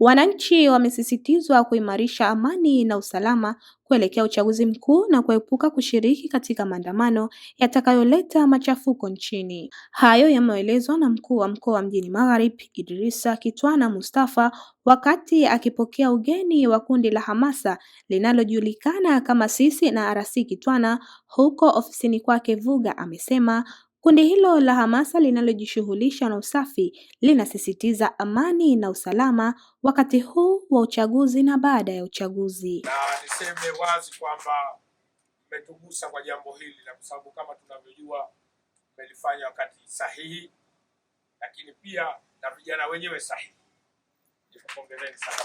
Wananchi wamesisitizwa kuimarisha amani na usalama kuelekea uchaguzi mkuu na kuepuka kushiriki katika maandamano yatakayoleta machafuko nchini. Hayo yameelezwa na Mkuu wa Mkoa wa Mjini Magharibi, Idrisa Kitwana Mustafa, wakati akipokea ugeni wa kundi la hamasa linalojulikana kama Sisi na RC Kitwana huko ofisini kwake Vuga. Amesema Kundi hilo la hamasa linalojishughulisha na usafi linasisitiza amani na usalama wakati huu wa uchaguzi na baada ya uchaguzi. Na niseme wazi kwamba mmetugusa kwa jambo hili na kwa sababu kama tunavyojua mmelifanya wakati sahihi, lakini pia na vijana wenyewe sahihi. Nikupongezeni sana.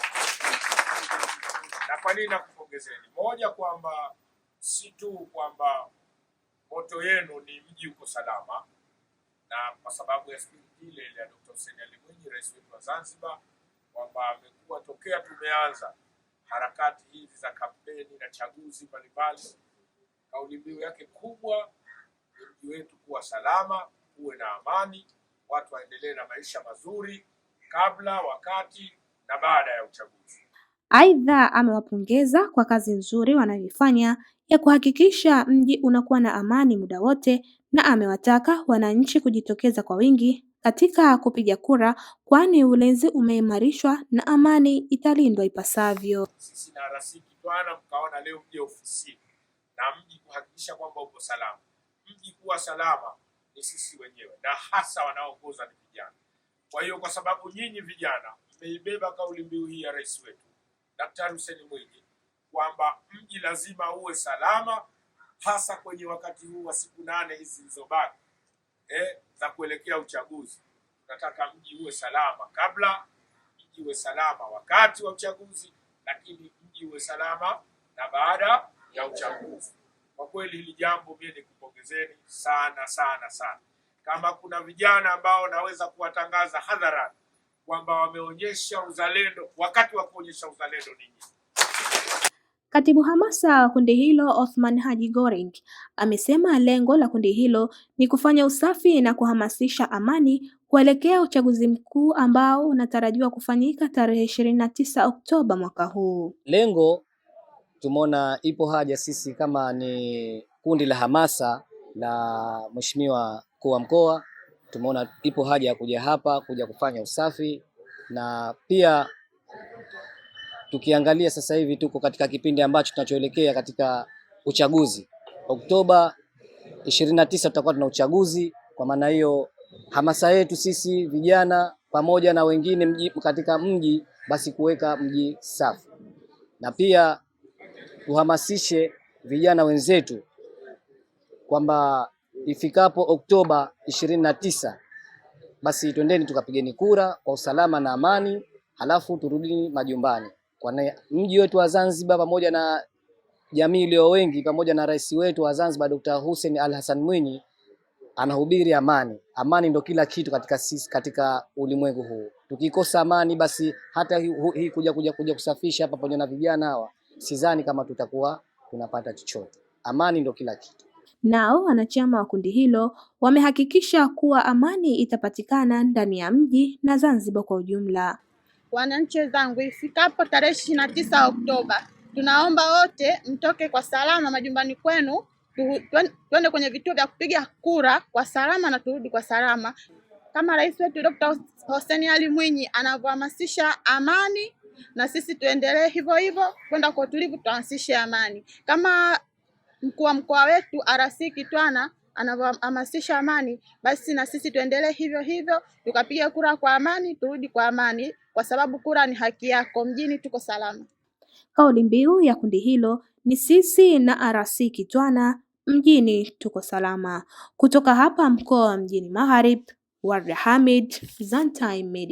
Na kwa nini nakupongezeni? Moja, kwamba si tu kwamba changamoto yenu ni mji uko salama, na kwa sababu ya spiriti ile ile ya Dkt. Hussein Ali Mwinyi, rais wetu wa Zanzibar, kwamba amekuwa tokea tumeanza harakati hizi za kampeni na chaguzi mbalimbali, kauli mbiu yake kubwa ni mji wetu kuwa salama, kuwe na amani, watu waendelee na maisha mazuri kabla, wakati na baada ya uchaguzi. Aidha, amewapongeza kwa kazi nzuri wanayoifanya ya kuhakikisha mji unakuwa na amani muda wote na amewataka wananchi kujitokeza kwa wingi katika kupiga kura kwani ulinzi umeimarishwa na amani italindwa ipasavyo. Sisi na rasiki Bwana mkaona leo mje ofisini na mji kuhakikisha kwamba uko salama. Mji kuwa salama ni sisi wenyewe na hasa wanaongoza ni vijana. Kwa hiyo kwa sababu nyinyi vijana mmeibeba kauli mbiu hii ya rais wetu Daktari Hussein Mwinyi kwamba mji lazima uwe salama, hasa kwenye wakati huu wa siku nane hizi zilizobaki eh, za kuelekea uchaguzi. Tunataka mji uwe salama kabla, mji uwe salama wakati wa uchaguzi, lakini mji uwe salama na baada ya uchaguzi. Kwa kweli hili jambo mimi nikupongezeni sana sana sana. Kama kuna vijana ambao naweza kuwatangaza hadharani kwamba wameonyesha uzalendo, wakati wa kuonyesha uzalendo ninyi Katibu hamasa wa kundi hilo Othman Haji Goring amesema lengo la kundi hilo ni kufanya usafi na kuhamasisha amani kuelekea uchaguzi mkuu ambao unatarajiwa kufanyika tarehe ishirini na tisa Oktoba mwaka huu. Lengo tumeona ipo haja sisi kama ni kundi la hamasa la Mheshimiwa mkuu wa mkoa, tumeona ipo haja ya kuja hapa kuja kufanya usafi na pia tukiangalia sasa hivi tuko katika kipindi ambacho tunachoelekea katika uchaguzi. Oktoba 29 tutakuwa tuna uchaguzi. Kwa maana hiyo, hamasa yetu sisi vijana pamoja na wengine mji, katika mji basi kuweka mji safi, na pia tuhamasishe vijana wenzetu kwamba ifikapo Oktoba 29 basi twendeni tukapigeni kura kwa usalama na amani, halafu turudini majumbani kwa mji wetu wa Zanzibar pamoja na jamii iliyo wengi pamoja na rais wetu wa Zanzibar Dr. Hussein Al Hassan Mwinyi anahubiri amani. Amani ndo kila kitu katika sisi, katika ulimwengu huu. Tukikosa amani, basi hata hii hi, kuja, kuja, kuja kusafisha hapa pamoja na vijana hawa, sidhani kama tutakuwa tunapata chochote. Amani ndo kila kitu. Nao wanachama wa kundi hilo wamehakikisha kuwa amani itapatikana ndani ya mji na Zanzibar kwa ujumla. Wananchi wenzangu, ifikapo tarehe ishirini na tisa Oktoba, tunaomba wote mtoke kwa salama majumbani kwenu, tuende kwenye vituo vya kupiga kura kwa salama na turudi kwa salama, kama rais wetu Dr. Hussein Ali Mwinyi anavyohamasisha amani, na sisi tuendelee hivyo hivyo kwenda kwa utulivu, tuhamasishe amani kama mkuu wa mkoa wetu RC Kitwana anavyohamasisha amani, basi na sisi tuendelee hivyo hivyo, tukapiga kura kwa amani, turudi kwa amani kwa sababu kura ni haki yako. Mjini tuko salama. Kauli mbiu ya kundi hilo ni sisi na RC Kitwana, mjini tuko salama. Kutoka hapa mkoa wa Mjini Magharibi, Warda Hamid, Zantime Media.